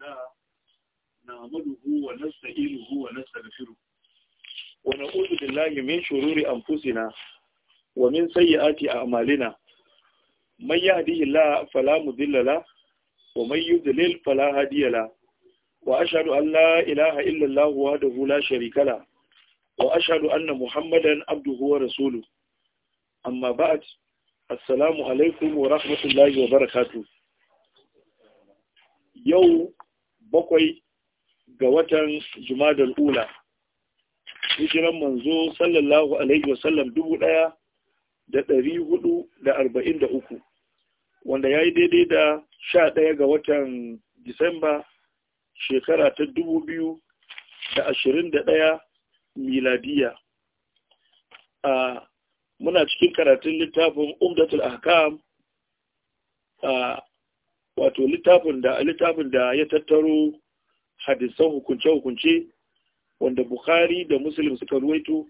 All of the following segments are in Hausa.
Yanar na maɗuɓu wa nasan wa nasu daga firgu. Wani uzu da lahi mun shiru ni amfusi Amalina? Me ya haɗu ila Fala Mudilala? Wamayi yuniflil Falaluwa Hadiyala. Wa asha duk an ilaha illallahu haɗa hula shiri kala. Wa ashadu annan Muhammadan Abduhuwar Rasuluhu. Amma ba'ad, 'Assalamu alaikum wa rahmatulahi wa barakatu.' Yau bakwai ga watan jumadar ula hijiran manzo sallallahu alaihi wasallam dubu ɗaya da ɗari hudu da arba'in da uku wanda ya yi daidai da sha ɗaya ga watan disamba shekara ta dubu biyu da ashirin da ɗaya miladiya a muna cikin karatun littafin umdatul ahkam a wato littafin da littafin da ya tattaro hadisan hukunce hukunce wanda Bukhari da Muslim suka ruwaito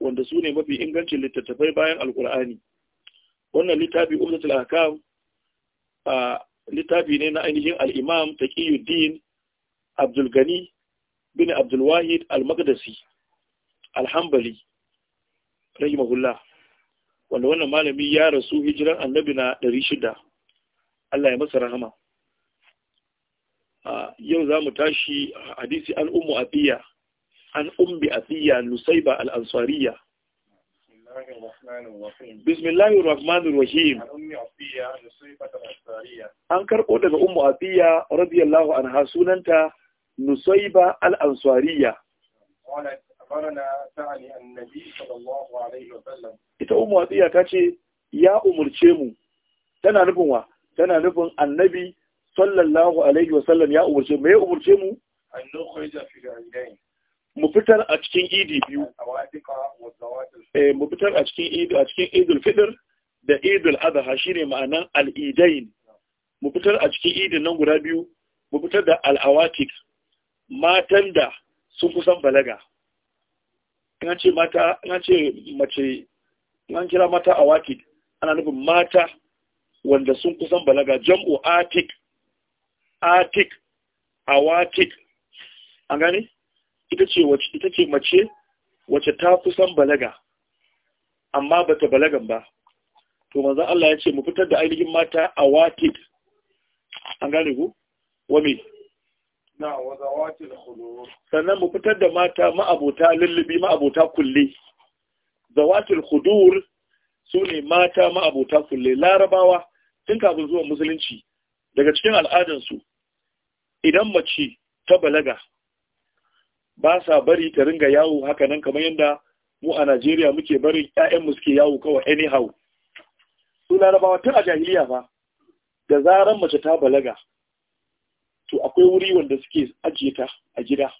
wanda su ne mafi ingancin littattafai bayan Alkur'ani wannan littafi Umdatul Ahkam a littafi ne na ainihin al-Imam Taqiyuddin Abdul Gani bin Abdul Wahid Al-Maqdisi Al-Hanbali rahimahullah wanda wannan malami ya rasu hijiran annabi na 600 Allah ya masa rahama ah, yau za mu tashi hadisi an ummu abiya an umbi abiya nusaiba al-ansariya bismillahir rahmanir rahim an karbo daga ummu abiya radiyallahu anha sunanta nusaiba al-ansariya ita ummu ta ce ya umurce mu tana nufin wa tana nufin annabi sallallahu alaihi wasallam ya umurce mu ya umurce mu mu fitar a cikin idi biyu eh mu fitar a cikin idi a cikin idul fitr da idul adha shine ma'anan al-idain mu fitar a cikin idin nan guda biyu mu fitar da al-awatik matan da sun kusan balaga ina ce mata ina ce mace ina kira mata awatik ana nufin mata wanda sun kusan balaga jam'u atik atik awatik an gane ita ce wacce ita ce mace wace ta kusan balaga amma ba ta balagan ba to manzo Allah ya ce mu fitar da ainihin mata awatik an gane ku wami na watin khulur sannan mu fitar da mata ma'abota lullubi ma'abota kulli zawatil khudur su ne mata ma'abota kulle larabawa tun kafin zuwa musulunci daga cikin al'adansu idan mace ta balaga ba sa bari ta ringa yawo haka nan kamar yadda mu a Najeriya muke barin mu suke yawo kawai anyhow su larabawa tun a jahiliya fa da zarar mace ta balaga to akwai wuri wanda suke ajiye ta a gida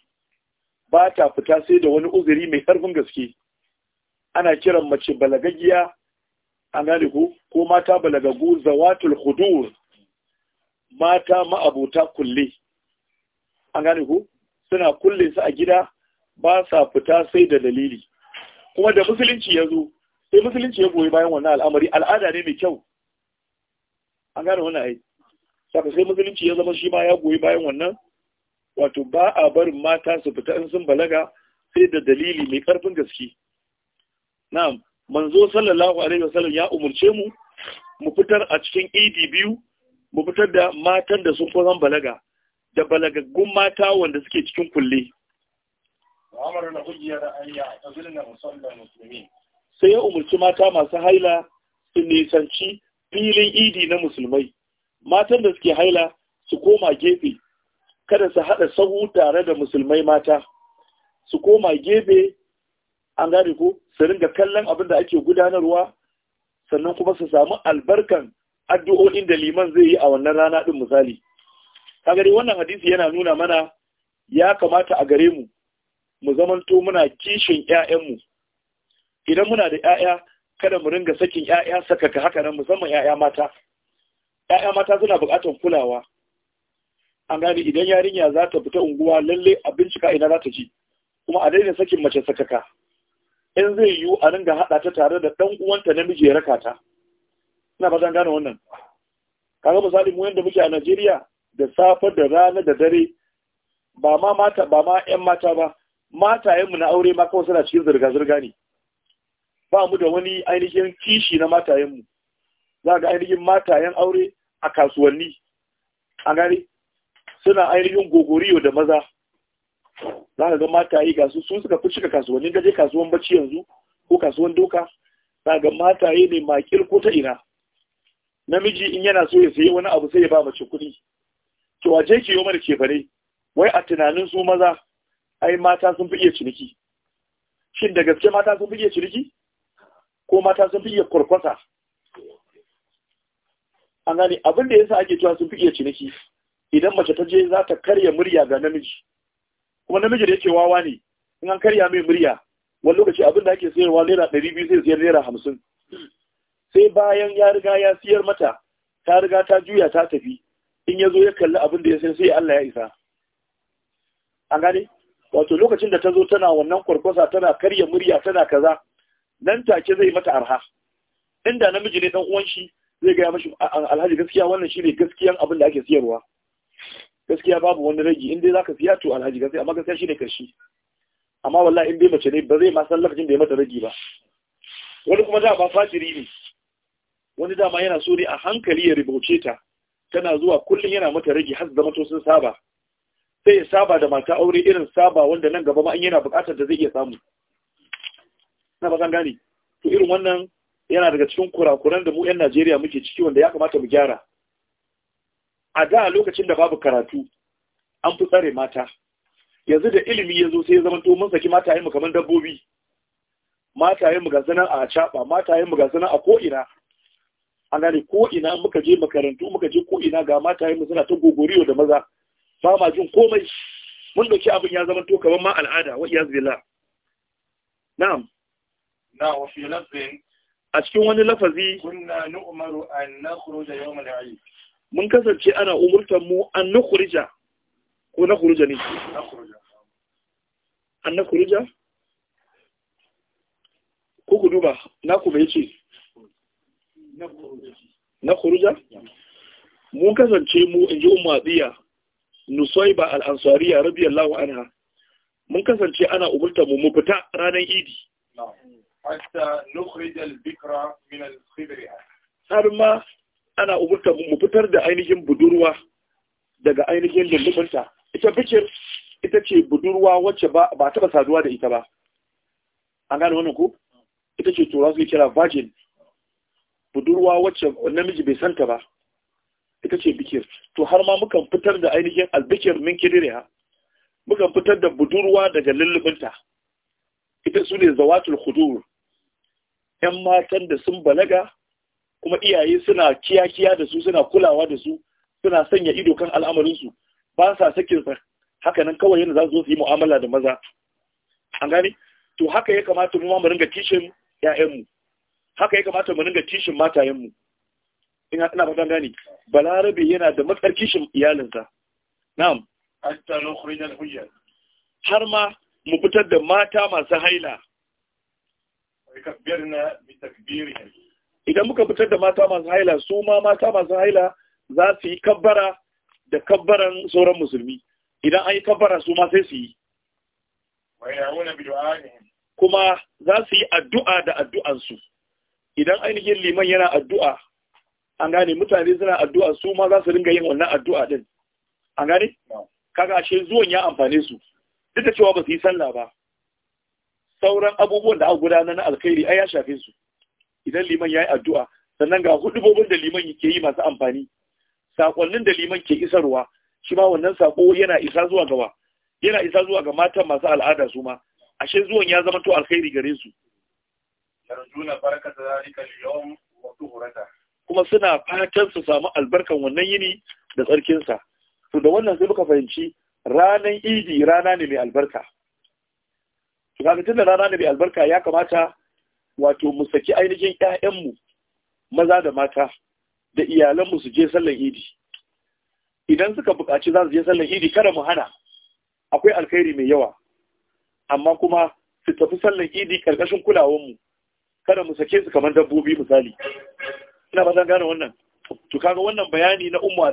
ba ta fita sai da wani uzuri mai ƙarfin gaske ana kiran mace balagaggiya an gane ku ko mata balagagu zawatul hudur mata ma'abuta kulle an gane ku suna kulle su a gida ba sa fita sai da dalili kuma da musulunci ya zo sai musulunci ya goyi bayan wannan al'amari al'ada ne mai kyau an gane wannan ai saka sai musulunci ya zama shi ma ya goyi bayan wannan wato ba a barin mata su fita in sun balaga sai da dalili mai karfin gaske na'am manzo sallallahu alaihi wasallam ya umurce mu mu fitar a cikin idi biyu mu fitar da matan da sun kusan balaga da balagaggun mata wanda suke cikin kulle sai ya umurci mata masu haila su nisanci filin idi na musulmai matan da suke haila su koma gefe kada su haɗa sahu tare da musulmai mata su koma gefe an gane ko su ringa kallon abin da ake gudanarwa sannan kuma su samu albarkan addu'o'in da liman zai yi a wannan rana din misali A gari wannan hadisi yana nuna mana ya kamata a gare mu mu zamanto muna kishin ƴaƴanmu idan muna da ƴaƴa kada mu ringa sakin ƴaƴa sakaka haka nan musamman ƴaƴa mata ƴaƴa mata suna buƙatar kulawa an gane idan yarinya za ta fita unguwa lalle a bincika ina za ta ji kuma a daina sakin mace sakaka in zai yiwu a ringa haɗa ta tare da ɗan uwanta namiji ya raka ta ina zan gane wannan kaga misali mu yanda muke a Najeriya da safe da rana da dare ba ma mata ba ma ƴan mata ba matayenmu na aure ma kawai suna cikin zirga zirga ne ba mu da wani ainihin kishi na matayenmu za ga ainihin matayen aure a kasuwanni a gane, suna ainihin gogoriyo da maza za ka ga mataye ga su sun suka fi cika kasuwanni ga je kasuwan bacci yanzu ko kasuwan doka za ga mataye ne makil ko ta ina namiji in yana so ya sayi wani abu sai ya ba mace kuɗi to a je ki yi mana kefare wai a tunanin su maza ai mata sun fi iya ciniki shin da gaske mata sun fi iya ciniki ko mata sun fi iya kwarkwasa an gane abin da yasa ake cewa sun fi iya ciniki idan mace ta je za ta karya murya ga namiji kuma namiji da yake wawa ne in an karya mai murya wani lokaci abin da ake sayarwa naira ɗari biyu zai sayar naira hamsin sai bayan ya riga ya siyar mata ta riga ta juya ta tafi in ya zo ya kalli abin da ya sayar sai Allah ya isa an gane wato lokacin da ta zo tana wannan kwarkwasa tana karya murya tana kaza nan take zai mata arha inda namiji ne dan uwan shi zai gaya mashi alhaji gaskiya wannan shine gaskiyan abin da ake siyarwa gaskiya babu wani ragi in dai zaka siya to alhaji gaskiya amma gaskiya shine karshe amma wallahi in bai mace ne ba zai ma san lokacin da ya mata ragi ba wani kuma da ba fajiri ne wani dama yana so ne a hankali ya ribauce ta tana zuwa kullum yana mata ragi har zama to sun saba sai ya saba da mata aure irin saba wanda nan gaba ma in yana bukatar da zai iya samu na ba san gane to irin wannan yana daga cikin kurakuran da mu 'yan Najeriya muke ciki wanda ya kamata mu gyara a da lokacin da babu karatu an fi tsare mata yanzu da ilimi ya zo sai ya zamanto mun saki mata matayenmu kamar dabbobi mu ga sanan a caɓa mu ga sanan a ko'ina an gane ko'ina muka je makarantu muka je ko'ina ga mata matayenmu suna ta gogoriyo da maza ba ma jin komai mun dauki abin ya zamanto kamar ma al'ada wa iyaz billah na'am na wa fi lafzin a cikin wani lafazi kunna nu'maru an nakhruja yawm al-eid mun kasance ana umurtar mu an na kurija ko na kurija ne an na kurija ko ku duba na ku bai ce na kurija mun kasance mu in ji umardiya nusoi ba al'ansariya rabiyallahu anha mun kasance ana umurtar mu mu fita ranar idi hatta nukhrij al-bikra min al-khibriha har ma ana umurta mu fitar da ainihin budurwa daga ainihin lullubinta ita bikir ita ce budurwa wacce ba taɓa saduwa da ita ba an gane wani ku ita ce tura suke kira virgin budurwa wacce namiji bai santa ba ita ce bikir to har ma mukan fitar da ainihin albikir min kidiriya mukan fitar da budurwa daga lullubinta ita su ne zawatul hudur yan matan da sun balaga kuma iyaye suna kiyakiya da su suna kulawa da su suna sanya ido kan al'amarinsu ba sa sakin sa haka nan kawai yana za su zo su yi mu'amala da maza an gane to haka ya kamata mu mu ringa tishin ƴaƴanmu haka ya kamata mu ringa tishin matayenmu ina ina fatan gani balarabe yana da matsar kishin iyalinsa na'am hatta nukhrij al-hujja har ma mu fitar da mata masu haila kabbirna bi takbirihim idan muka fitar da mata masu haila su ma mata masu haila za su yi kabbara da kabbaran sauran musulmi idan an yi kabbara su ma sai su yi kuma za su yi addu'a da addu'ansu idan ainihin liman yana addu'a an gane mutane suna addu'a su ma za su ringa yin wannan addu'a din an gane kaga ashe zuwan ya amfane su duk da cewa ba su yi sallah ba sauran abubuwan da aka gudanar na alkhairi ai ya shafe su idan liman ya yi addu'a sannan ga hudubobin da liman ke yi masu amfani sakonnin da liman ke isarwa shi ma wannan sako yana isa zuwa gawa yana isa zuwa ga matan masu al'ada su ma ashe zuwan ya zama to alkhairi gare su kuma suna fatan su samu albarkan wannan yini da tsarkinsa to da wannan sai muka fahimci ranan idi rana ne mai albarka kaga rana ne mai albarka ya kamata wato mu saki ainihin ƴaƴanmu maza da mata da iyalanmu su je sallar idi idan suka buƙaci za su je sallar idi kada mu hana akwai alkhairi mai yawa amma kuma su tafi sallar idi ƙarƙashin kulawanmu kada mu sake su kamar dabbobi misali ina ba gane wannan to kaga wannan bayani na ummu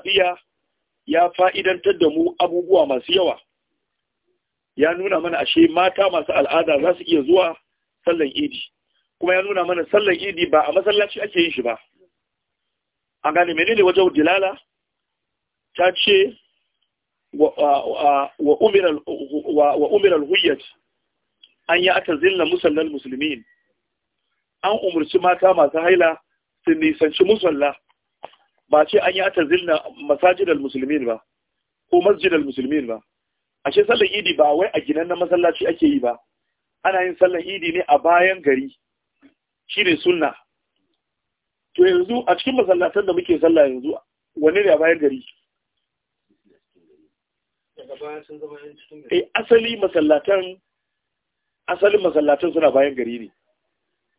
ya fa'idantar da mu abubuwa masu yawa ya nuna mana ashe mata masu al'ada za su iya zuwa sallan idi kuma ya nuna mana sallar idi ba a masallaci ake yin shi ba an gane menene wajen dilala ta ce wa umiral huyyat an yi aka zilla musallan musulmin an umarci mata masu haila su nisanci musalla ba ce an yi aka zilla masajidar musulmin ba ko masjidar musulmin ba ashe sallar idi ba wai a ginan na masallaci ake yi ba ana yin sallar idi ne a bayan gari shi ne sunna to yanzu a cikin masallatan da muke sallah yanzu wane ne a bayan gari eh, asali masallatan asalin masallatan suna bayan gari ne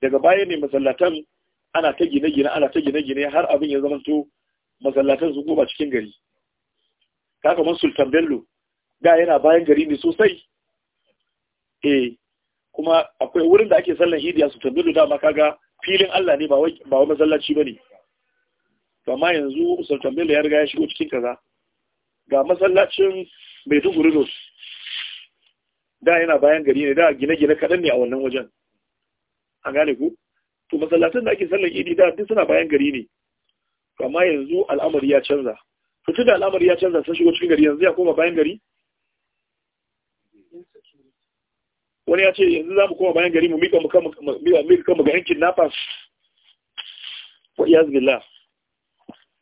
daga baya ne masallatan ana ta gine-gine ana ta gine-gine har abin ya zamanto masallatan su goma cikin gari kakaman sultan bello ga yana bayan gari ne sosai eh kuma akwai wurin da ake sallan idi a da dama kaga filin Allah ne ba wa masallaci ne to amma yanzu sutambilu ya riga ya shigo cikin kaza ga masallacin Maiduguri Road da yana bayan gari ne da gine-gine kaɗan ne a wannan wajen an gane ku to masallacin da ake sallan idi da duk suna bayan gari ne to amma yanzu al'amari ya canza fitu da al'amari ya canza sun shigo cikin gari yanzu ya koma bayan gari wani ya ce yanzu za mu koma bayan gari mu mika mu ga yankin nafas wa iyaz billah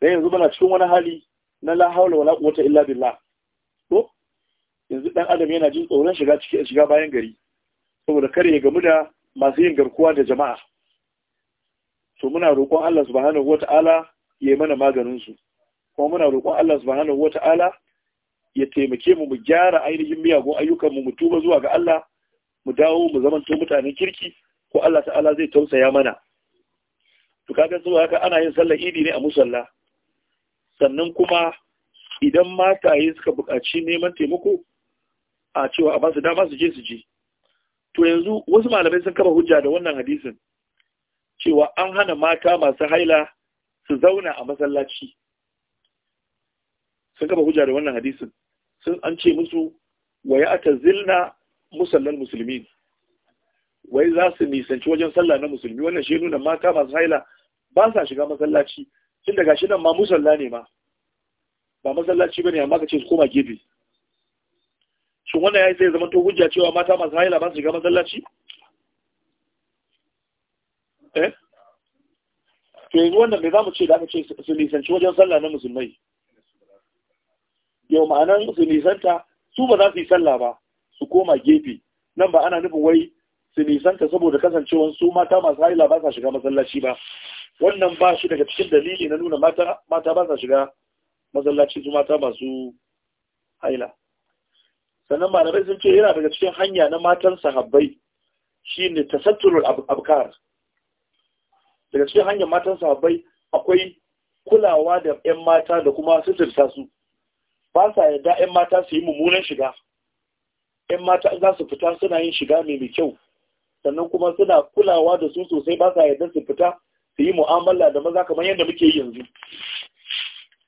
dan yanzu bana cikin wani hali na la haula wala quwwata illa billah to yanzu dan adam yana jin tsoron shiga cikin shiga bayan gari saboda kare ya gamu da masu yin garkuwa da jama'a to muna roƙon Allah subhanahu wata'ala ya yi mana maganin su kuma muna roƙon Allah subhanahu wata'ala ya taimake mu mu gyara ainihin miyagun ayyukan mu mu tuba zuwa ga Allah mu dawo mu zamanto mutanen kirki ko Allah ta'ala zai tausaya mana to kaga zuwa haka ana yin sallar idi ne a musalla sannan kuma idan mataye suka buƙaci neman taimako a cewa a basu dama su je su je to yanzu wasu malamai sun kafa hujja da wannan hadisin cewa an hana mata masu haila su zauna a masallaci sun kafa hujja da wannan hadisin sun an ce musu wa ya ta zilna musallan musulmi wai za su nisanci wajen sallah na musulmi wannan shi nuna mata masu haila ba sa shiga masallaci tun daga shi nan ma musalla ne ma ba masallaci ba ne, amma ka ce su koma gefe shin wannan ya yi sai zama to hujja cewa mata masu haila ba su shiga masallaci eh to yanzu wannan me mu ce da aka ce su nisanci wajen sallah na musulmai yau ma'anan su nisanta su ba za su yi sallah ba su koma gefe nan ba ana nufin wai su nisanta saboda kasancewar su mata masu haila ba sa shiga masallaci ba wannan ba shi daga cikin dalili na nuna mata mata ba sa shiga masallaci su mata masu haila sannan malamai sun ce yana daga cikin hanya na matan sahabbai shine tasatturul abkar daga cikin hanyar matan sahabbai akwai kulawa da 'yan mata da kuma suturta su ba sa yadda 'yan mata su yi mummunan shiga 'yan mata za su fita suna yin shiga mai mai kyau sannan kuma suna kulawa da su sosai ba sa yadda su fita su yi mu'amala da maza kamar yadda muke yanzu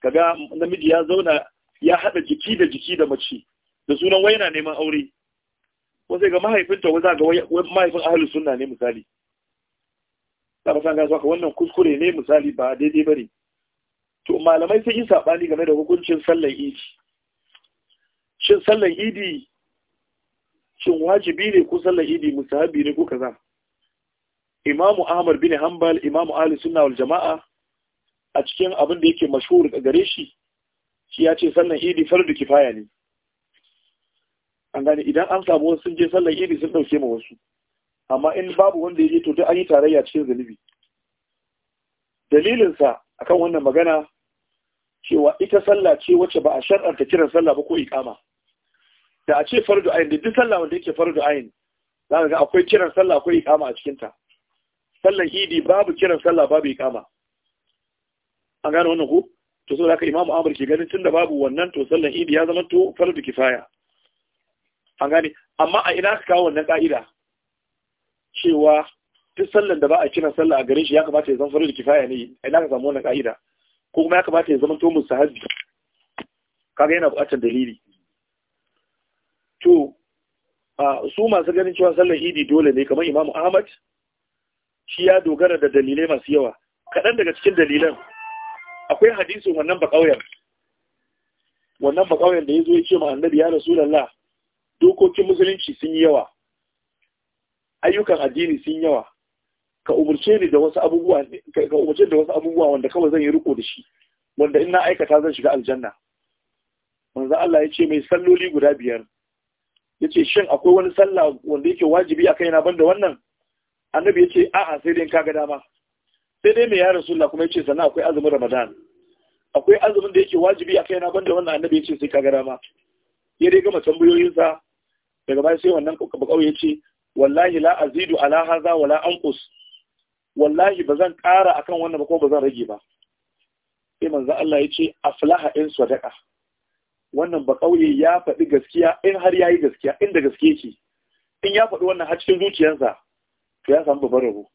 kaga namiji ya zauna ya haɗa jiki da jiki da mace da sunan wai yana neman aure wasu ga mahaifinta wasu ga mahaifin ahalu sunna ne misali sabasan gasu ka wannan kuskure ne misali ba daidai ne. to malamai sun yi saɓani game da hukuncin sallan idi shin sallan idi shin wajibi ne ko sallar idi musahabi ne ko kaza imamu ahmad bin hanbal imamu ahli sunna wal jama'a a cikin abin da yake mashhur gare shi shi ya ce sallar idi fardu kifaya ne an gane idan an samu wasu sun je sallar idi sun dauke ma wasu amma in babu wanda ya je to duk an yi tarayya cikin zunubi dalilinsa akan wannan magana cewa ita sallah ce wacce ba a shar'anta kiran sallah ba ko iqama da a ce fardu ayin da duk sallah wanda yake fardu ayin za ka ga akwai kiran sallah akwai ikama a cikinta sallan idi babu kiran sallah babu ikama an gane wannan ku to so zaka imamu amr ke ganin tunda babu wannan to sallan idi ya zama to fardu kifaya an gane amma a ina ka kawo wannan ka'ida cewa duk sallan da ba a kiran sallah a gare shi ya kamata ya zama fardu kifaya ne a ina ka samu wannan ka'ida ko kuma ya kamata ya zama to musahabi kaga yana buƙatar dalili to su masu ganin cewa sallar idi dole ne kamar imamu ahmad shi ya dogara da dalilai masu yawa kaɗan daga cikin dalilan akwai hadisin wannan baƙauyen. wannan baƙauyen da ya zo ya ce ma'anar ya ya rasulallah dokokin musulunci sun yi yawa ayyukan addini sun yi yawa ka umarce ni da wasu abubuwa ka umarce da wasu abubuwa wanda kawai zan yi riko da shi wanda in aikata zan shiga aljanna manzo Allah ya ce mai salloli guda biyar yace shin akwai wani sallah wanda yake wajibi a kaina banda wannan annabi yace a'a sai dai in kaga dama sai dai me ya rasulullah kuma yace sannan akwai azumin ramadan akwai azumin da yake wajibi a kaina banda wannan annabi yace sai kaga dama ya dai gama tambayoyinsa daga baya sai wannan bakau yace wallahi la azidu ala hadha wala anqus wallahi bazan ƙara akan wannan ba ko bazan rage ba sai manzo Allah yace aflaha in sadaqa wannan ba ƙauye ya faɗi gaskiya in har ya yi gaskiya inda gaske ce in ya faɗi wannan har cikin zuciyarsa to ya samu babban rabo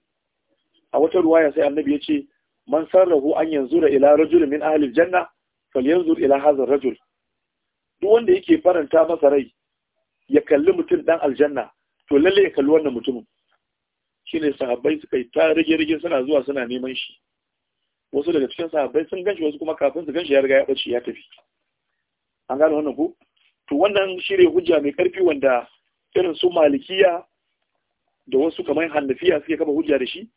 a wata ruwa ya sai annabi ya ce man sarrahu an yanzu da ila rajul min ahlil janna yanzu ila hazar rajul duk wanda yake faranta masa rai ya kalli mutum dan aljanna to lalle ya kalli wannan mutumin shine sahabbai suka yi ta rage rage suna zuwa suna neman shi wasu daga cikin sahabbai sun ganshi wasu kuma kafin su ganshi ya riga ya bace ya tafi an gane wannan ku to wannan shirye hujja mai karfi wanda irin su malikiya da wasu kamar hannafiya suke kafa hujja da shi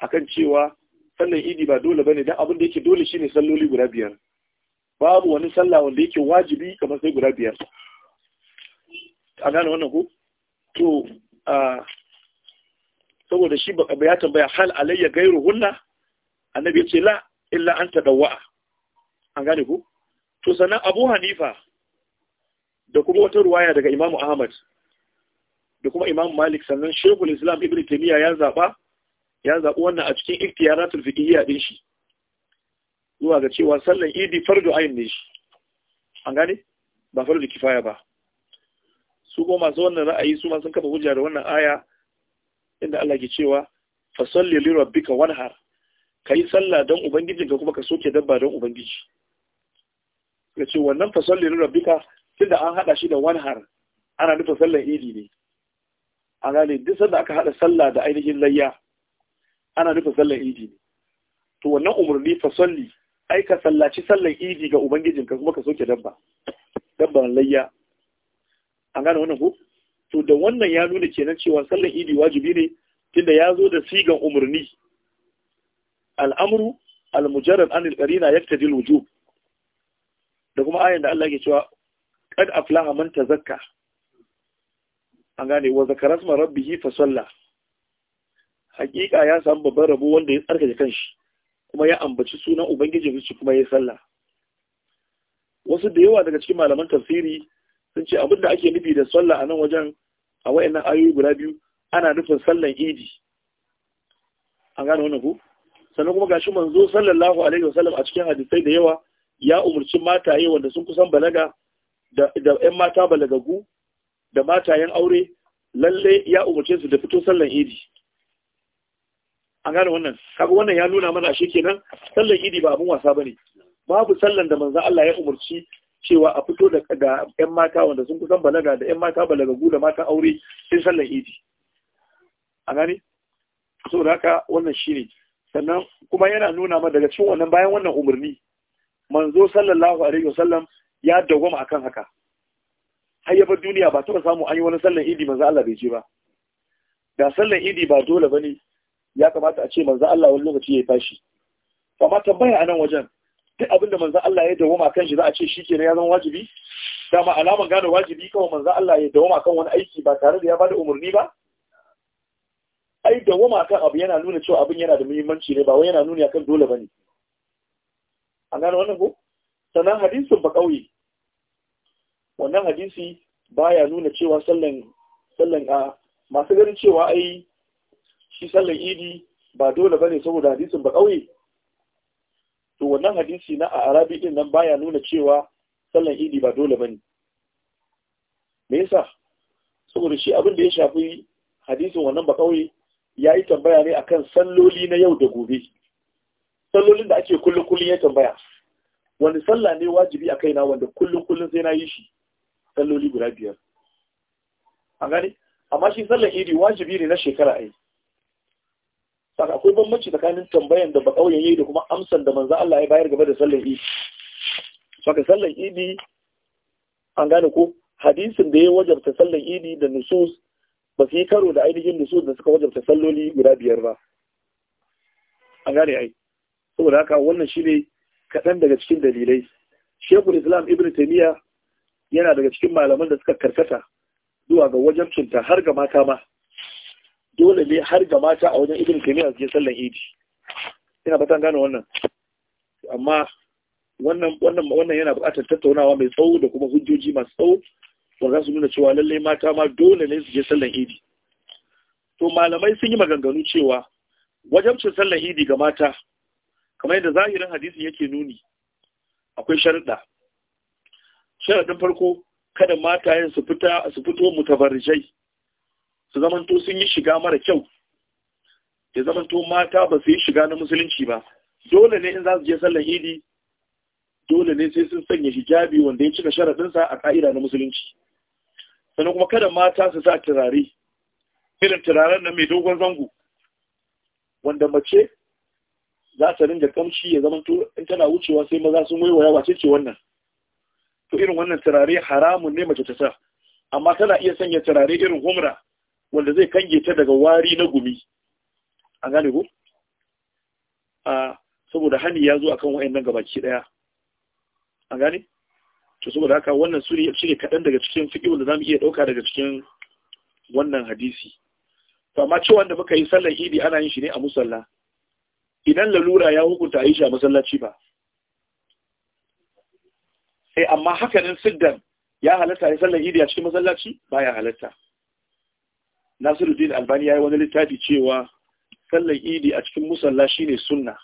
akan cewa sallan idi ba dole bane dan abin da yake dole shine salloli guda biyar babu wani sallah wanda yake wajibi kamar sai guda biyar a gane wannan ko to a saboda shi ya tambaya hal alayya gairu hunna annabi ya ce la illa an tadawwa an gane ko to sannan abu hanifa da kuma wata ruwaya daga imamu ahmad da kuma imam malik sannan shekul islam ibn taimiyya ya zaba ya wannan a cikin ikhtiyaratul fiqhiyya din shi zuwa ga cewa sallan idi fardu ayin ne shi an gane ba fardu kifaya ba su ko masu wannan ra'ayi su ma sun kafa hujja da wannan aya inda Allah ke cewa fasalli li rabbika wanhar kai sallah dan ubangiji ka kuma ka soke dabba don ubangiji ya ce wannan fasallin rabbika tunda an hada shi da wanhar ana nufa sallar idi ne a gane duk sanda aka hada sallah da ainihin layya ana nufa sallar idi ne to wannan umarni fasalli ai ka sallaci sallar idi ga ubangijinka kuma ka soke dabba dabban layya A gane wannan ko to da wannan ya nuna kenan cewa sallar idi wajibi ne tunda ya zo da sigan umarni al'amru al-mujarrad an al-qarina yaktadi al-wujub da kuma ayan da Allah ke cewa kad aflaha man tazakka an gane wa zakara sama rabbihi fa salla hakika ya samu babban rabo wanda ya tsarkake kanshi kuma ya ambaci sunan ubangiji shi kuma ya sallah wasu da yawa daga cikin malaman tafsiri sun ce abinda ake nufi da sallah a nan wajen a wayannan ayoyi guda biyu ana nufin sallan idi an gane wannan ku sannan kuma gashi manzo sallallahu alaihi wasallam a cikin hadisai da yawa ya umarci mataye wanda sun kusan balaga da ‘yan mata balagagu da matayen aure lalle ya umarce su da fito sallan idi an gane wannan kaga wannan ya nuna mana shi kenan sallan idi ba abin wasa bane babu sallan da manzon Allah ya umarci cewa a fito da da ƴan mata wanda sun kusan balaga da ƴan mata balagagu da mata aure sai sallan idi an gane so haka wannan shine sannan kuma yana nuna mana daga cikin wannan bayan wannan umarni manzo sallallahu alaihi wasallam ya dawoma akan haka har yaba duniya ba taba samu an yi wani sallan idi manzo Allah bai je ba da sallan idi ba dole bane ya kamata a ce manzo Allah wani lokaci ya tashi amma tambaya anan wajen duk abin da manzo Allah ya dawoma kan shi za a ce shi kenan ya zama wajibi dama alaman gane wajibi kawai manzo Allah ya dawoma kan wani aiki ba tare da ya bada umarni ba ai dawoma kan abu yana nuna cewa abin yana da muhimmanci ne ba wai yana nuni akan dole bane an gane wannan ko sannan hadisin ba ƙauye wannan hadisi baya nuna cewa sallan sallan a masu ganin cewa ai shi sallan idi ba dole bane saboda hadisin ba ƙauye to wannan hadisi na a arabi din nan baya nuna cewa sallan idi ba dole bane me yasa saboda shi abin da ya shafi hadisin wannan ba ƙauye ya yi tambaya ne akan salloli na yau da gobe sallolin da ake kullum kullum ya tambaya wani sallah ne wajibi a kaina wanda kullum kullum sai na yi shi salloli guda biyar a gani amma shi sallar idi wajibi ne na shekara ai saka akwai bambanci tsakanin tambayan da bakauyen yayi da kuma amsan da manzo Allah ya bayar game da sallar idi saka sallar idi an gane ko hadisin da ya wajabta sallar idi da nusus ba su yi karo da ainihin nusus da suka wajabta salloli guda biyar ba an gane ai saboda haka wannan shi ne kaɗan daga cikin dalilai shekul islam ibn taimiyya yana daga cikin malaman da suka karkata zuwa ga wajen cinta har ga mata ma dole ne har ga mata a wajen ibn taimiyya su je sallan idi ina batan gane wannan amma wannan wannan wannan yana buƙatar tattaunawa mai tsawo da kuma hujjoji masu tsawo ba za su nuna cewa lallai mata ma dole ne su je sallan idi to malamai sun yi maganganu cewa wajen cin sallan idi ga mata kamar yadda zahirin hadisi yake nuni akwai sharɗa sharaɗin farko kada matayen su fita su fito mutabarjai su zamanto sun yi shiga mara kyau ya zamanto mata ba su yi shiga na musulunci ba dole ne in za su je sallar idi dole ne sai sun sanya hijabi wanda ya cika sharaɗinsa a ƙa'ida na musulunci sannan kuma kada mata su sa turare irin turaren na mai dogon zango wanda mace za ta rinda kamshi ya zama to in tana wucewa sai maza sun waiwaya wace ce wannan to irin wannan turare haramun ne mace ta sa amma tana iya sanya turare irin humra wanda zai kange ta daga wari na gumi an gane ko a saboda hani ya zo akan wayannan gabaki daya an gane to saboda haka wannan suri ya shige kadan daga cikin fiqh wanda zamu iya dauka daga cikin wannan hadisi to amma cewa da muka yi sallar idi ana yin shi ne a musalla idan lalura ya hukunta a yi masallaci ba eh amma hakanin siddan ya halatta ya sallar idi cikin masallaci ba ya halatta nasiruddin albani ya yi wani littafi cewa sallar idi a cikin musalla ne sunna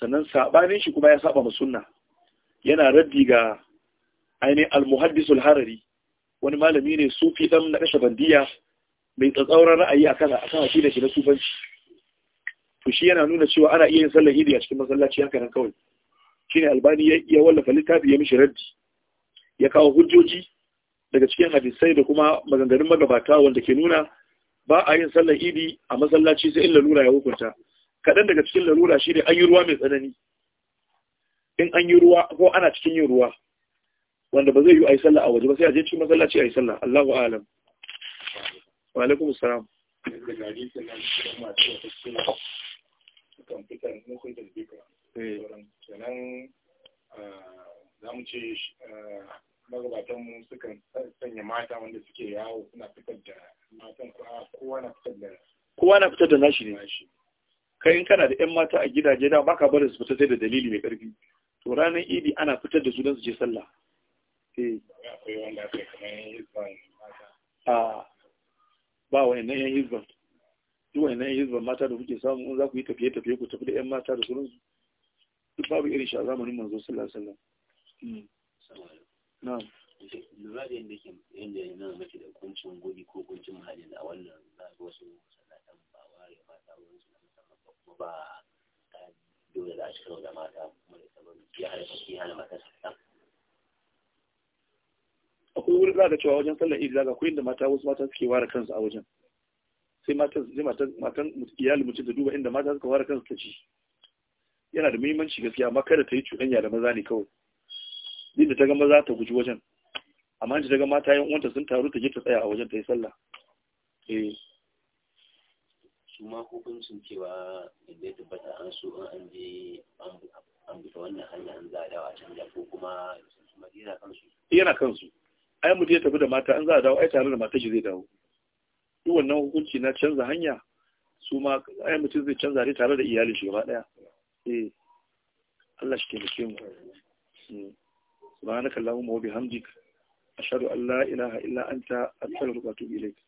sannan saɓanin shi kuma ya saba ma sunna yana raddi ga ainihin almuhaddisul harari wani malami ne sufi ɗan na kashe bandiya mai tsatsauran ra'ayi akan shi da shi na sufanci to shi yana nuna cewa ana iya yin sallar idi a cikin masallaci haka nan kawai Shi ne albani ya wallafa littafi ya mishi raddi ya kawo hujjoji daga cikin hadisai da kuma maganganun magabata wanda ke nuna ba a yin sallar idi a masallaci sai in lalura ya hukunta kaɗan daga cikin lalura shi ne an yi ruwa mai tsanani in an yi ruwa ko ana cikin yin ruwa wanda ba zai yi a yi sallah a waje ba sai a je cikin masallaci a yi sallah allahu alam wa alaikum salam kan fitar mukun da zika sannan za mu ce sukan sanya mata wanda suke yawo suna fitar da matan kowa na fitar da kowa na fitar da nashi ne kai in kana da yan mata a gidaje da baka barin su fita sai da dalili mai karfi to ranar idi ana fitar da su don su je sallah eh. ah. Ba wani nan yan hizban yan hizban duk wannan hizban mata da kuke samu in za ku yi tafiye-tafiye ku tafi da 'yan mata da sauransu duk babu irin shi a zamanin manzo sallallahu alaihi wasallam hmm. na'am lura da yadda yadda yana mace da kuncin gudi ko kuncin muhalli a wannan za ga wasu masallatan ba ware mata wurin su na musamman ba kuma ba dole da a cikin da mata kuma da sabon ya hana shi hana mata sallah akwai wurin za ka cewa wajen sallar idi za ka da mata wasu mata suke ware kansu a wajen sai matan iyali mutum da duba inda mata suka ware kansu ta ci yana da muhimmanci gaskiya amma kada ta yi cuɗanya da maza ne kawai din da ta ga maza ta guji wajen amma ta ga mata yan uwanta sun taru ta je ta tsaya a wajen ta yi sallah eh su hukuncin cewa inda ya tabbata an so an je an bi wannan hanya an za a dawo a canja ko kuma yana kansu yana kansu ai mutum ya tafi da mata an za a dawo ai tare da mata shi zai dawo duk wannan hukunci na canza hanya su ma ai mutum zai canza ne tare da iyalin shi gaba daya eh Allah shi ke taimake mu hmm. subhanaka allahumma wa bihamdika ashhadu an la ilaha illa anta astaghfiruka wa atubu ilayk